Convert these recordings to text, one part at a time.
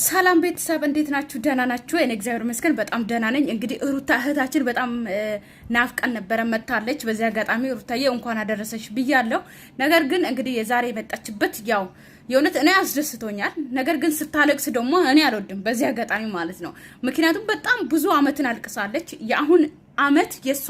ሰላም ቤተሰብ እንዴት ናችሁ? ደህና ናችሁ? እኔ እግዚአብሔር ይመስገን በጣም ደህና ነኝ። እንግዲህ ሩታ እህታችን በጣም ናፍቀን ነበረ መታለች። በዚህ አጋጣሚ ሩታዬ እንኳን አደረሰች ብያለሁ። ነገር ግን እንግዲህ የዛሬ የመጣችበት ያው የእውነት እኔ አስደስቶኛል። ነገር ግን ስታለቅስ ደግሞ እኔ አልወድም፣ በዚህ አጋጣሚ ማለት ነው። ምክንያቱም በጣም ብዙ አመትን አልቅሳለች። የአሁን አመት የእሷ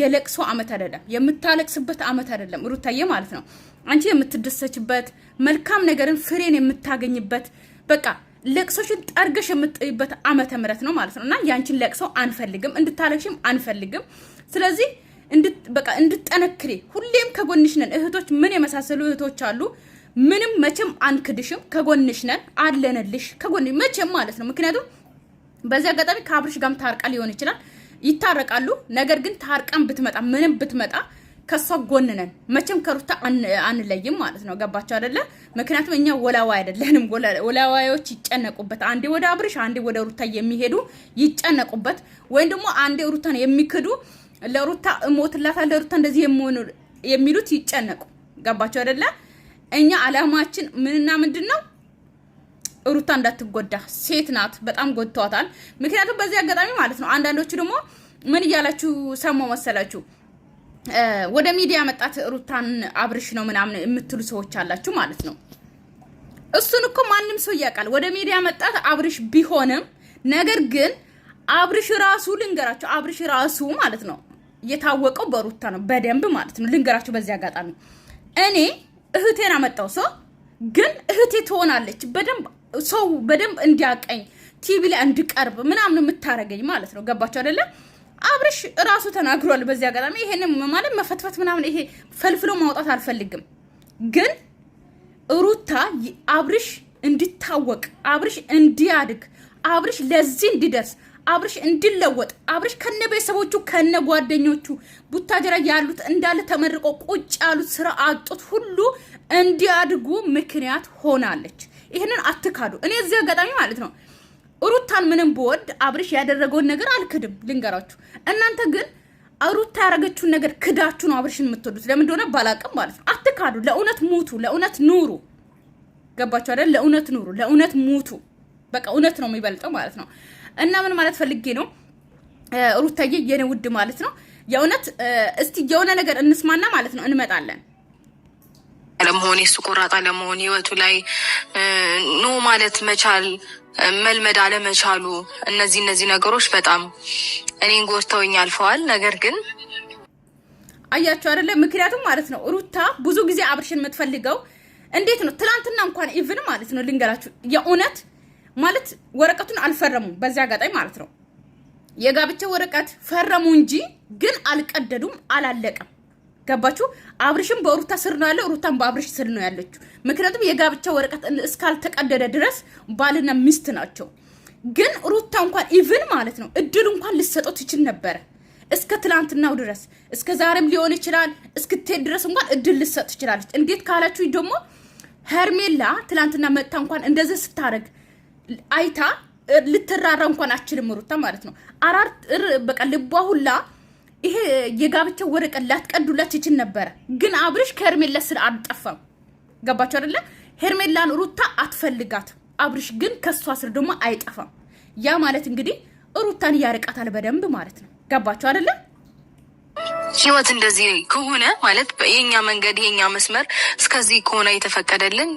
የለቅሶ አመት አይደለም፣ የምታለቅስበት አመት አይደለም ሩታዬ ማለት ነው። አንቺ የምትደሰችበት መልካም ነገርን ፍሬን የምታገኝበት በቃ ለቅሶሽን ጠርገሽ የምትጠይበት ዓመተ ምህረት ነው ማለት ነው። እና ያንቺን ለቅሶ አንፈልግም፣ እንድታለቅሽም አንፈልግም። ስለዚህ በቃ እንድጠነክሪ ሁሌም ከጎንሽ ነን። እህቶች ምን የመሳሰሉ እህቶች አሉ። ምንም መቼም አንክድሽም፣ ከጎንሽ ነን፣ አለንልሽ። ከጎንሽ መቼም ማለት ነው። ምክንያቱም በዚህ አጋጣሚ ከአብርሽ ጋርም ታርቃ ሊሆን ይችላል፣ ይታረቃሉ። ነገር ግን ታርቀን ብትመጣ ምንም ብትመጣ ከእሷ ጎን ነን። መቼም ከሩታ አንለይም ማለት ነው። ገባቸው አይደለ? ምክንያቱም እኛ ወላዋ አይደለንም። ወላዋዮች ይጨነቁበት፣ አንዴ ወደ አብርሽ፣ አንዴ ወደ ሩታ የሚሄዱ ይጨነቁበት፣ ወይም ደግሞ አንዴ ሩታን የሚክዱ ለሩታ እሞትላታለሁ፣ ለሩታ እንደዚህ የሚሆኑ የሚሉት ይጨነቁ። ገባቸው አይደለ? እኛ አላማችን ምንና ምንድን ነው? ሩታ እንዳትጎዳ። ሴት ናት፣ በጣም ጎድተዋታል። ምክንያቱም በዚህ አጋጣሚ ማለት ነው አንዳንዶቹ ደግሞ ምን እያላችሁ ሰማሁ መሰላችሁ ወደ ሚዲያ መጣት ሩታን አብርሽ ነው ምናምን የምትሉ ሰዎች አላችሁ ማለት ነው። እሱን እኮ ማንም ሰው ያውቃል። ወደ ሚዲያ መጣት አብርሽ ቢሆንም ነገር ግን አብርሽ ራሱ ልንገራቸው፣ አብርሽ ራሱ ማለት ነው የታወቀው በሩታ ነው በደንብ ማለት ነው። ልንገራቸው በዚህ አጋጣሚ እኔ እህቴን አመጣው ሰው ግን እህቴ ትሆናለች በደንብ ሰው በደንብ እንዲያቀኝ ቲቪ ላይ እንድቀርብ ምናምን የምታረገኝ ማለት ነው። ገባቸው አይደለም አብርሽ እራሱ ተናግሯል። በዚህ አጋጣሚ ይሄን ማለት መፈትፈት ምናምን ይሄ ፈልፍሎ ማውጣት አልፈልግም፣ ግን ሩታ አብርሽ እንዲታወቅ፣ አብርሽ እንዲያድግ፣ አብርሽ ለዚህ እንዲደርስ፣ አብርሽ እንዲለወጥ፣ አብርሽ ከነ ቤተሰቦቹ ከነ ጓደኞቹ ቡታጀራ ያሉት እንዳለ ተመርቆ ቁጭ ያሉት ስራ አጡት ሁሉ እንዲያድጉ ምክንያት ሆናለች። ይህንን አትካዱ። እኔ እዚህ አጋጣሚ ማለት ነው ሩታን ምንም ብወድ አብርሽ ያደረገውን ነገር አልክድም፣ ልንገራችሁ። እናንተ ግን ሩታ ያደረገችውን ነገር ክዳችሁ ነው አብርሽን የምትወዱት። ለምን እንደሆነ ባላቅም ማለት ነው። አትካዱ። ለእውነት ሙቱ፣ ለእውነት ኑሩ። ገባችሁ አይደል? ለእውነት ኑሩ፣ ለእውነት ሙቱ። በቃ እውነት ነው የሚበልጠው ማለት ነው። እና ምን ማለት ፈልጌ ነው ሩታዬ፣ የኔ ውድ ማለት ነው የእውነት እስቲ የሆነ ነገር እንስማና ማለት ነው እንመጣለን ለመሆን የሱ ቆራጣ ለመሆን ህይወቱ ላይ ኖ ማለት መቻል መልመድ አለመቻሉ እነዚህ እነዚህ ነገሮች በጣም እኔን ጎድተውኝ አልፈዋል። ነገር ግን አያቸው አይደለም ምክንያቱም ማለት ነው ሩታ ብዙ ጊዜ አብርሽን የምትፈልገው እንዴት ነው? ትናንትና እንኳን ኢቭን ማለት ነው ልንገራችሁ፣ የእውነት ማለት ወረቀቱን አልፈረሙም። በዚያ አጋጣሚ ማለት ነው የጋብቻ ወረቀት ፈረሙ እንጂ ግን አልቀደዱም፣ አላለቀም። ገባችሁ? አብርሽም በሩታ ስር ነው ያለው፣ ሩታም በአብርሽ ስር ነው ያለችው። ምክንያቱም የጋብቻ ወረቀት እስካልተቀደደ ድረስ ባልና ሚስት ናቸው። ግን ሩታ እንኳን ኢቭን ማለት ነው እድል እንኳን ልሰጠው ትችል ነበረ እስከ ትላንትናው ድረስ እስከ ዛሬም ሊሆን ይችላል። እስክትሄድ ድረስ እንኳን እድል ልሰጥ ትችላለች። እንዴት ካላችሁ ደግሞ ሄርሜላ ትላንትና መጥታ እንኳን እንደዚህ ስታደርግ አይታ ልትራራ እንኳን አችልም ሩታ ማለት ነው። አራር በቃ ልቧ ሁላ ይሄ የጋብቻው ወረቀት ላትቀዱላት ይችል ነበረ፣ ግን አብርሽ ከሄርሜላ ስር አልጠፋም። ገባቸው አይደለ? ሄርሜላን ሩታ አትፈልጋት፣ አብርሽ ግን ከሷ ስር ደግሞ አይጠፋም። ያ ማለት እንግዲህ ሩታን እያርቃታል በደንብ ማለት ነው። ገባቸው አይደለ? ህይወት እንደዚህ ከሆነ ማለት የኛ መንገድ የኛ መስመር እስከዚህ ከሆነ የተፈቀደልን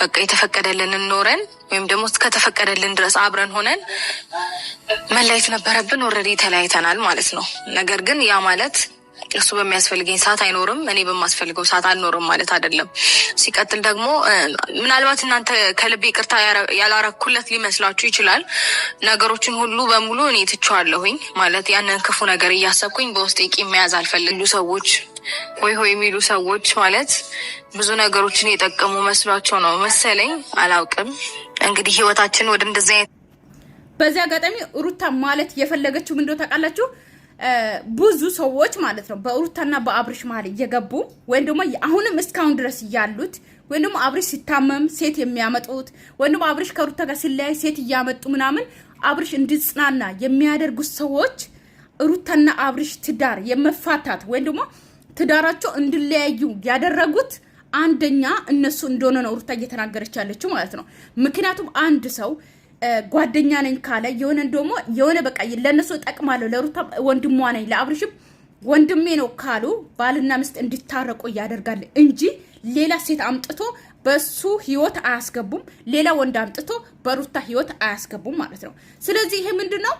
በቃ የተፈቀደልን እንኖረን ወይም ደግሞ እስከተፈቀደልን ድረስ አብረን ሆነን መለየት ነበረብን። ኦልሬዲ ተለያይተናል ማለት ነው። ነገር ግን ያ ማለት እርሱ በሚያስፈልገኝ ሰዓት አይኖርም፣ እኔ በማስፈልገው ሰዓት አልኖርም ማለት አይደለም። ሲቀጥል ደግሞ ምናልባት እናንተ ከልቤ ይቅርታ ያላረኩለት ሊመስላችሁ ይችላል። ነገሮችን ሁሉ በሙሉ እኔ ትቼዋለሁኝ ማለት ያንን ክፉ ነገር እያሰብኩኝ በውስጤ ቂም መያዝ አልፈልግ ሰዎች ሆይ ሆይ የሚሉ ሰዎች ማለት ብዙ ነገሮችን የጠቀሙ መስሏቸው ነው መሰለኝ፣ አላውቅም። እንግዲህ ህይወታችን ወደ እንደዚህ አይነት በዚህ አጋጣሚ ሩታ ማለት የፈለገችው ምንድነው ታውቃላችሁ? ብዙ ሰዎች ማለት ነው በሩታና በአብርሽ መሀል እየገቡ ወይም ደግሞ አሁንም እስካሁን ድረስ እያሉት ወይም ደግሞ አብርሽ ሲታመም ሴት የሚያመጡት ወይም ደግሞ አብርሽ ከሩታ ጋር ሲለያይ ሴት እያመጡ ምናምን አብርሽ እንዲጽናና የሚያደርጉት ሰዎች ሩታና አብርሽ ትዳር የመፋታት ወይም ደግሞ ትዳራቸው እንዲለያዩ ያደረጉት አንደኛ እነሱ እንደሆነ ነው ሩታ እየተናገረች ያለችው ማለት ነው። ምክንያቱም አንድ ሰው ጓደኛ ነኝ ካለ የሆነ ደግሞ የሆነ በቃ ለእነሱ እጠቅማለሁ፣ ለሩታ ወንድሟ ነኝ፣ ለአብርሽም ወንድሜ ነው ካሉ ባልና ሚስት እንዲታረቁ እያደርጋል እንጂ ሌላ ሴት አምጥቶ በሱ ህይወት አያስገቡም። ሌላ ወንድ አምጥቶ በሩታ ህይወት አያስገቡም ማለት ነው። ስለዚህ ይሄ ምንድን ነው?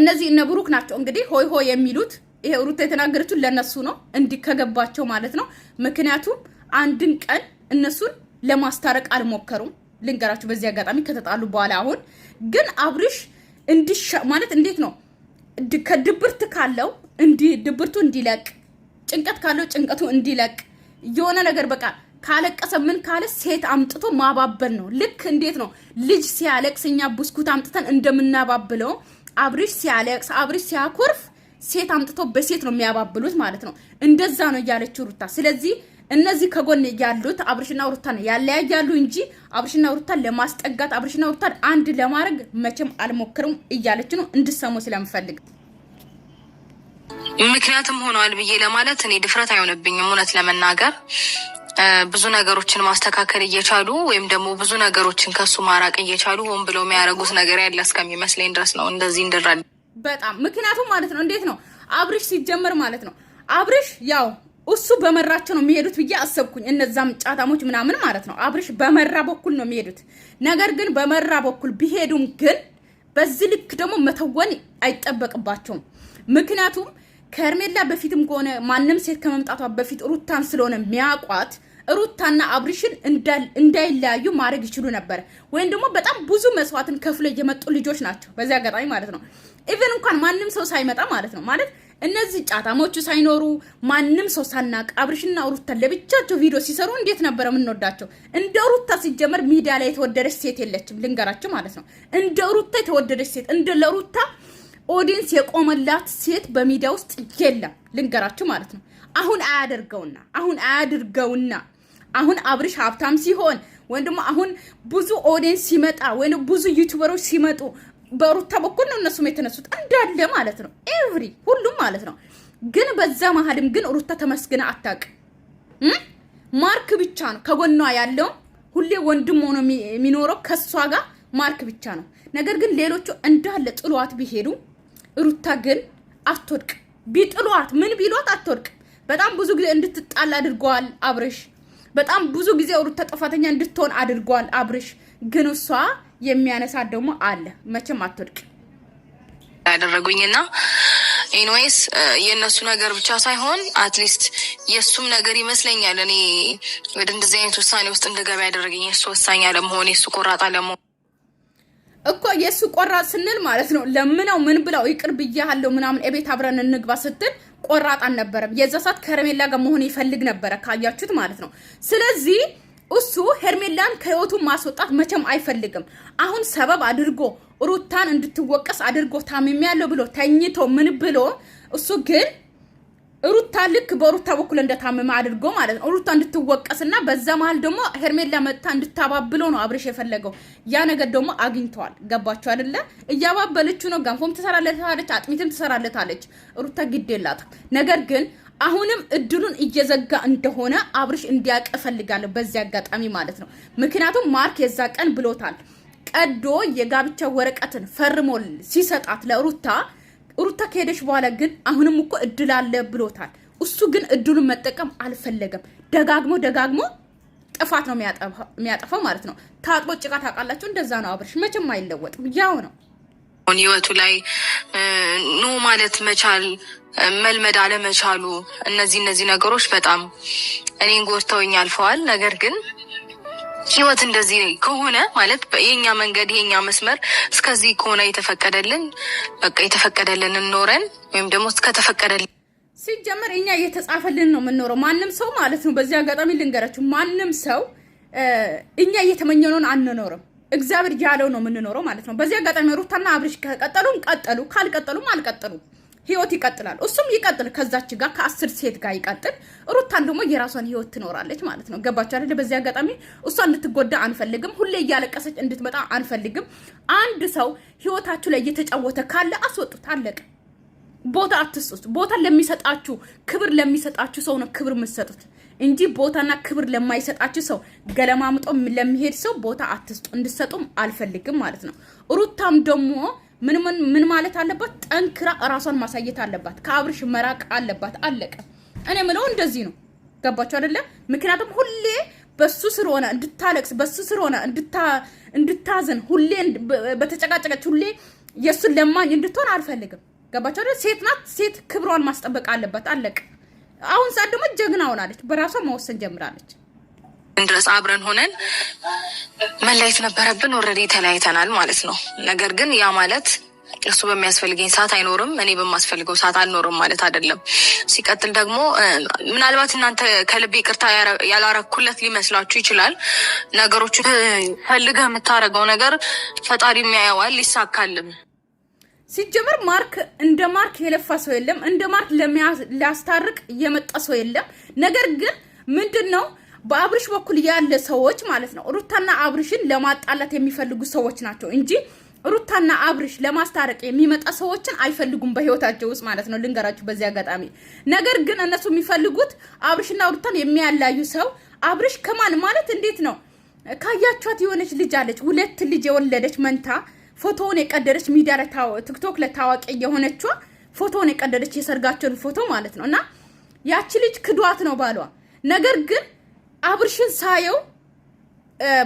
እነዚህ እነ ብሩክ ናቸው እንግዲህ ሆይ ሆይ የሚሉት ይሄ ሩታ የተናገረችው ለእነሱ ነው፣ እንዲከገባቸው ማለት ነው። ምክንያቱም አንድን ቀን እነሱን ለማስታረቅ አልሞከሩም። ልንገራችሁ በዚህ አጋጣሚ ከተጣሉ በኋላ አሁን ግን አብርሽ እንዲሻ ማለት እንዴት ነው ከድብርት ካለው እንዲ ድብርቱ እንዲለቅ ጭንቀት ካለው ጭንቀቱ እንዲለቅ የሆነ ነገር በቃ ካለቀሰ ምን ካለ ሴት አምጥቶ ማባበል ነው። ልክ እንዴት ነው ልጅ ሲያለቅስ እኛ ብስኩት አምጥተን እንደምናባብለው አብርሽ ሲያለቅስ፣ አብርሽ ሲያኮርፍ ሴት አምጥቶ በሴት ነው የሚያባብሉት ማለት ነው። እንደዛ ነው እያለችው ሩታ ስለዚህ እነዚህ ከጎን ያሉት አብርሽና ሩታን ያለያያሉ እንጂ አብርሽና ሩታን ለማስጠጋት አብርሽና ሩታን አንድ ለማድረግ መቼም አልሞክርም እያለች ነው። እንድሰሙ ስለምፈልግ ምክንያትም ሆነዋል ብዬ ለማለት እኔ ድፍረት አይሆንብኝም። እውነት ለመናገር ብዙ ነገሮችን ማስተካከል እየቻሉ ወይም ደግሞ ብዙ ነገሮችን ከሱ ማራቅ እየቻሉ ሆን ብለው የሚያደርጉት ነገር ያለ እስከሚመስለኝ ድረስ ነው እንደዚህ እንድራል በጣም ምክንያቱም ማለት ነው እንዴት ነው አብርሽ ሲጀመር ማለት ነው አብርሽ ያው እሱ በመራቸው ነው የሚሄዱት ብዬ አሰብኩኝ። እነዛም ጫታሞች ምናምን ማለት ነው አብርሽ በመራ በኩል ነው የሚሄዱት። ነገር ግን በመራ በኩል ቢሄዱም ግን በዚህ ልክ ደግሞ መተወን አይጠበቅባቸውም። ምክንያቱም ከርሜላ በፊትም ከሆነ ማንም ሴት ከመምጣቷ በፊት ሩታን ስለሆነ የሚያውቋት ሩታና አብርሽን እንዳይለያዩ ማድረግ ይችሉ ነበር። ወይም ደግሞ በጣም ብዙ መስዋዕትን ከፍሎ የመጡ ልጆች ናቸው። በዚህ አጋጣሚ ማለት ነው ኢቨን እንኳን ማንም ሰው ሳይመጣ ማለት ነው ማለት እነዚህ ጫታሞቹ ሳይኖሩ ማንም ሰው ሳናቅ አብርሽና ሩታን ለብቻቸው ቪዲዮ ሲሰሩ እንዴት ነበረ የምንወዳቸው? እንደ ሩታ ሲጀመር ሚዲያ ላይ የተወደደች ሴት የለችም፣ ልንገራቸው ማለት ነው። እንደ ሩታ የተወደደች ሴት እንደ ለሩታ ኦዲንስ የቆመላት ሴት በሚዲያ ውስጥ የለም፣ ልንገራችሁ ማለት ነው። አሁን አያደርገውና አሁን አያድርገውና አሁን አብርሽ ሀብታም ሲሆን ወይም ደግሞ አሁን ብዙ ኦዲንስ ሲመጣ ወይም ብዙ ዩቱበሮች ሲመጡ በሩታ በኩል ነው እነሱም የተነሱት እንዳለ ማለት ነው። ኤቭሪ ሁሉም ማለት ነው። ግን በዛ መሀልም ግን ሩታ ተመስግና አታውቅም። ማርክ ብቻ ነው ከጎኗ ያለው ሁሌ ወንድም ሆኖ የሚኖረው ከእሷ ጋር ማርክ ብቻ ነው። ነገር ግን ሌሎቹ እንዳለ ጥሏት ቢሄዱ ሩታ ግን አትወድቅ። ቢጥሏት ምን ቢሏት አትወድቅ። በጣም ብዙ ጊዜ እንድትጣል አድርገዋል አብርሽ። በጣም ብዙ ጊዜ ሩታ ጥፋተኛ እንድትሆን አድርገዋል አብርሽ ግን እሷ የሚያነሳት ደግሞ አለ። መቼም አትወድቅ ያደረጉኝና ኢንዌይስ የእነሱ ነገር ብቻ ሳይሆን አትሊስት የእሱም ነገር ይመስለኛል። እኔ ወደ እንደዚህ አይነት ውሳኔ ውስጥ እንደገባ ያደረገኝ የእሱ ወሳኝ አለመሆን የእሱ ቆራጥ አለመሆን እኮ የእሱ ቆራጥ ስንል ማለት ነው ለምነው ምን ብለው ይቅር ብያለሁ ምናምን እቤት አብረን እንግባ ስትል ቆራጥ አልነበረም። የዛ ሰዓት ከረሜላ ጋር መሆን ይፈልግ ነበረ ካያችሁት ማለት ነው። ስለዚህ እሱ ሄርሜላን ከህይወቱ ማስወጣት መቼም አይፈልግም። አሁን ሰበብ አድርጎ ሩታን እንድትወቀስ አድርጎ ታምሜ ያለው ብሎ ተኝቶ ምን ብሎ እሱ ግን ሩታ ልክ በሩታ በኩል እንደታመመ አድርጎ ማለት ነው ሩታ እንድትወቀስና በዛ መሀል ደግሞ ሄርሜላ መጥታ እንድታባብሎ ነው አብርሽ የፈለገው። ያ ነገር ደግሞ አግኝተዋል። ገባችሁ አይደለ? እያባበለችው ነው። ገንፎም ትሰራለታለች፣ አጥሚትም ትሰራለታለች። ሩታ ግድ የላትም። ነገር ግን አሁንም እድሉን እየዘጋ እንደሆነ አብርሽ እንዲያውቅ እፈልጋለሁ በዚህ አጋጣሚ ማለት ነው። ምክንያቱም ማርክ የዛ ቀን ብሎታል። ቀዶ የጋብቻ ወረቀትን ፈርሞ ሲሰጣት ለሩታ ሩታ ከሄደች በኋላ ግን አሁንም እኮ እድል አለ ብሎታል። እሱ ግን እድሉን መጠቀም አልፈለገም። ደጋግሞ ደጋግሞ ጥፋት ነው የሚያጠፋው ማለት ነው። ታጥቦ ጭቃ ታውቃላችሁ፣ እንደዛ ነው አብርሽ። መቼም አይለወጥም፣ ያው ነው። ህይወቱ ላይ ኖ ማለት መቻል መልመድ አለመቻሉ እነዚህ እነዚህ ነገሮች በጣም እኔን ጎድተውኝ አልፈዋል። ነገር ግን ህይወት እንደዚህ ከሆነ ማለት የኛ መንገድ የኛ መስመር እስከዚህ ከሆነ የተፈቀደልን በቃ የተፈቀደልን እንኖረን ወይም ደግሞ እስከተፈቀደልን ሲጀመር እኛ እየተጻፈልን ነው የምንኖረው። ማንም ሰው ማለት ነው። በዚህ አጋጣሚ ልንገራችሁ፣ ማንም ሰው እኛ እየተመኘነውን አንኖርም። እግዚአብሔር ያለው ነው የምንኖረው ማለት ነው። በዚህ አጋጣሚ ሩታና አብርሽ ከቀጠሉም ቀጠሉ፣ ካልቀጠሉም አልቀጠሉም። ህይወት ይቀጥላል። እሱም ይቀጥል ከዛች ጋር ከአስር ሴት ጋር ይቀጥል። ሩታን ደግሞ የራሷን ህይወት ትኖራለች ማለት ነው። ገባችሁ አይደል? በዚህ አጋጣሚ እሷ እንድትጎዳ አንፈልግም። ሁሌ እያለቀሰች እንድትመጣ አንፈልግም። አንድ ሰው ህይወታችሁ ላይ እየተጫወተ ካለ አስወጡት፣ ቦታ አትስጡት። ቦታ ለሚሰጣችሁ ክብር ለሚሰጣችሁ ሰው ነው ክብር የምትሰጡት እንጂ ቦታና ክብር ለማይሰጣችሁ ሰው ገለማምጦ ለሚሄድ ሰው ቦታ አትስጡ፣ እንድሰጡም አልፈልግም ማለት ነው። ሩታም ደግሞ ምን ማለት አለባት? ጠንክራ እራሷን ማሳየት አለባት። ከአብርሽ መራቅ አለባት። አለቀ። እኔ ምለው እንደዚህ ነው። ገባችሁ አይደለም? ምክንያቱም ሁሌ በሱ ስር ሆነ እንድታለቅስ በሱ ስር ሆነ እንድታዘን ሁሌ በተጨቃጨቀች ሁሌ የእሱን ለማኝ እንድትሆን አልፈልግም። ገባቸው አይደል? ሴት ናት። ሴት ክብሯን ማስጠበቅ አለበት። አለቅ። አሁን ሰዓት ደግሞ ጀግና ሆናለች። በራሷ መወሰን ጀምራለች። ድረስ አብረን ሆነን መለየት ነበረብን። ኦልሬዲ ተለያይተናል ማለት ነው። ነገር ግን ያ ማለት እሱ በሚያስፈልገኝ ሰዓት አይኖርም፣ እኔ በማስፈልገው ሰዓት አልኖርም ማለት አይደለም። ሲቀጥል ደግሞ ምናልባት እናንተ ከልብ ቅርታ ያላረኩለት ሊመስላችሁ ይችላል። ነገሮቹ ፈልገህ የምታደርገው ነገር ፈጣሪ የሚያየዋል ይሳካልም። ሲጀመር ማርክ እንደ ማርክ የለፋ ሰው የለም። እንደ ማርክ ሊያስታርቅ የመጣ ሰው የለም። ነገር ግን ምንድን ነው በአብርሽ በኩል ያለ ሰዎች ማለት ነው ሩታና አብርሽን ለማጣላት የሚፈልጉ ሰዎች ናቸው እንጂ ሩታና አብርሽ ለማስታረቅ የሚመጣ ሰዎችን አይፈልጉም በህይወታቸው ውስጥ ማለት ነው። ልንገራችሁ በዚህ አጋጣሚ። ነገር ግን እነሱ የሚፈልጉት አብርሽና ሩታን የሚያላዩ ሰው አብርሽ ከማን ማለት እንዴት ነው? ካያችኋት የሆነች ልጅ አለች፣ ሁለት ልጅ የወለደች መንታ ፎቶውን የቀደደች ሚዲያ ላይ ቲክቶክ ላይ ታዋቂ የሆነችዋ ፎቶውን የቀደደች የሰርጋቸውን ፎቶ ማለት ነው። እና ያቺ ልጅ ክዷት ነው ባሏ። ነገር ግን አብርሽን ሳየው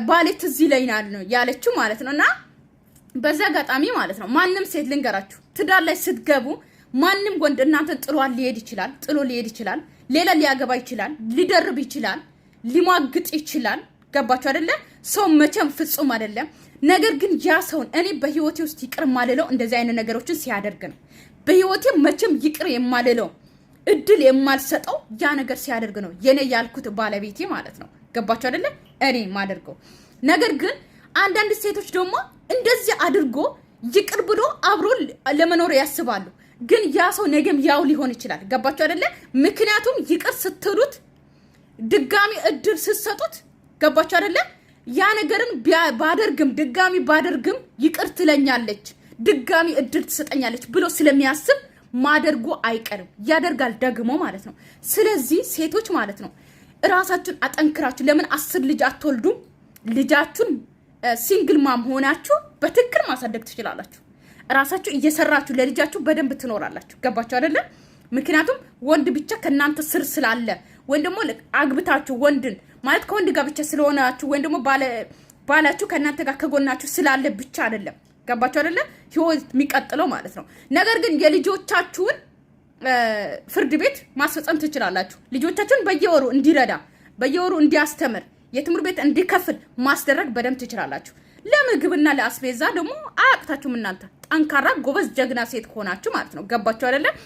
ባሌ ትዝ ይለኛል ነው ያለችው ማለት ነው። እና በዚህ አጋጣሚ ማለት ነው ማንም ሴት ልንገራችሁ፣ ትዳር ላይ ስትገቡ ማንም ወንድ እናንተን ጥሏል ሊሄድ ይችላል፣ ጥሎ ሊሄድ ይችላል፣ ሌላ ሊያገባ ይችላል፣ ሊደርብ ይችላል፣ ሊሟግጥ ይችላል። ገባችሁ አደለ? ሰው መቼም ፍጹም አይደለም። ነገር ግን ያ ሰውን እኔ በህይወቴ ውስጥ ይቅር ማልለው እንደዚህ አይነት ነገሮችን ሲያደርግ ነው። በህይወቴ መቼም ይቅር የማልለው እድል የማልሰጠው ያ ነገር ሲያደርግ ነው። የኔ ያልኩት ባለቤቴ ማለት ነው። ገባችሁ አደለ? እኔ ማደርገው ነገር ግን አንዳንድ ሴቶች ደግሞ እንደዚህ አድርጎ ይቅር ብሎ አብሮ ለመኖር ያስባሉ። ግን ያ ሰው ነገም ያው ሊሆን ይችላል። ገባችሁ አደለ? ምክንያቱም ይቅር ስትሉት ድጋሚ እድል ስትሰጡት ገባችሁ አይደለም? ያ ነገርን ባደርግም ድጋሚ ባደርግም ይቅር ትለኛለች፣ ድጋሚ እድል ትሰጠኛለች ብሎ ስለሚያስብ ማደርጉ አይቀርም ያደርጋል ደግሞ ማለት ነው። ስለዚህ ሴቶች ማለት ነው እራሳችሁን አጠንክራችሁ ለምን አስር ልጅ አትወልዱም? ልጃችሁን ሲንግል ማም ሆናችሁ በትክክል ማሳደግ ትችላላችሁ። እራሳችሁ እየሰራችሁ ለልጃችሁ በደንብ ትኖራላችሁ። ገባችሁ አይደለም? ምክንያቱም ወንድ ብቻ ከእናንተ ስር ስላለ ወይም ደግሞ አግብታችሁ ወንድን ማለት ከወንድ ጋር ብቻ ስለሆናችሁ ወይም ደግሞ ባላችሁ ከእናንተ ጋር ከጎናችሁ ስላለ ብቻ አይደለም። ገባችሁ አይደለ? ህይወት የሚቀጥለው ማለት ነው። ነገር ግን የልጆቻችሁን ፍርድ ቤት ማስፈጸም ትችላላችሁ። ልጆቻችሁን በየወሩ እንዲረዳ በየወሩ እንዲያስተምር የትምህርት ቤት እንዲከፍል ማስደረግ በደንብ ትችላላችሁ። ለምግብና ለአስቤዛ ደግሞ አያቅታችሁም። እናንተ ጠንካራ ጎበዝ ጀግና ሴት ከሆናችሁ ማለት ነው። ገባችሁ አይደለም?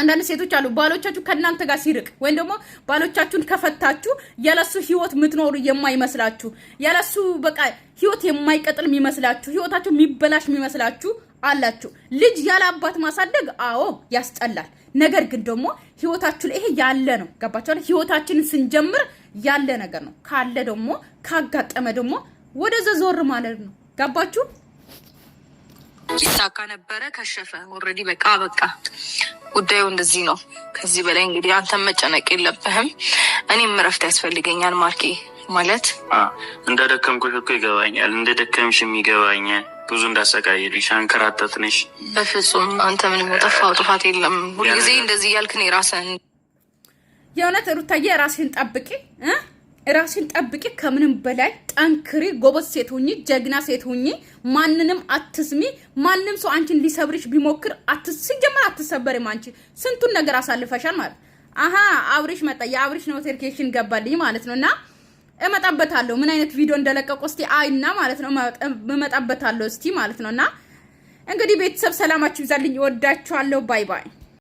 አንዳንድ ሴቶች አሉ ባሎቻችሁ ከእናንተ ጋር ሲርቅ ወይም ደግሞ ባሎቻችሁን ከፈታችሁ ያለሱ ህይወት የምትኖሩ የማይመስላችሁ ያለሱ በቃ ህይወት የማይቀጥል የሚመስላችሁ ህይወታችሁ የሚበላሽ የሚመስላችሁ አላችሁ። ልጅ ያለ አባት ማሳደግ አዎ ያስጠላል። ነገር ግን ደግሞ ህይወታችሁ ላይ ይሄ ያለ ነው። ገባችኋል? ህይወታችንን ስንጀምር ያለ ነገር ነው። ካለ ደግሞ ካጋጠመ ደግሞ ወደዛ ዞር ማለት ነው። ገባችሁ? ሲሳካ ነበረ ከሸፈ ኦልሬዲ በቃ በቃ ጉዳዩ እንደዚህ ነው። ከዚህ በላይ እንግዲህ አንተን መጨነቅ የለብህም። እኔም እረፍት ያስፈልገኛል ማርኬ። ማለት እንደ እኮ ይገባኛል፣ እንደ ደከምሽም ይገባኛል። ብዙ እንዳሰቃየልሽ አንከራተትንሽ። በፍጹም አንተ ምንም የጠፋው ጥፋት የለም። ሁልጊዜ እንደዚህ እያልክን እኔ የእውነት ሩታዬ ራስህን ጠብቄ ራሴን ጠብቂ፣ ከምንም በላይ ጠንክሪ፣ ጎበዝ ሴት ሁኚ፣ ጀግና ሴት ሁኚ። ማንንም አትስሚ። ማንም ሰው አንቺን ሊሰብርሽ ቢሞክር ሲጀመር አትሰበርም። አንቺ ስንቱን ነገር አሳልፈሻል ማለት አሀ አብሪሽ መጣ። የአብሪሽ ኖቲፊኬሽን ገባልኝ ማለት ነው። እና እመጣበታለሁ ምን አይነት ቪዲዮ እንደለቀቁ እስቲ አይና ማለት ነው። እመጣበታለሁ እስቲ ማለት ነው። እና እንግዲህ ቤተሰብ ሰላማችሁ ይዛልኝ፣ እወዳችኋለሁ። ባይ ባይ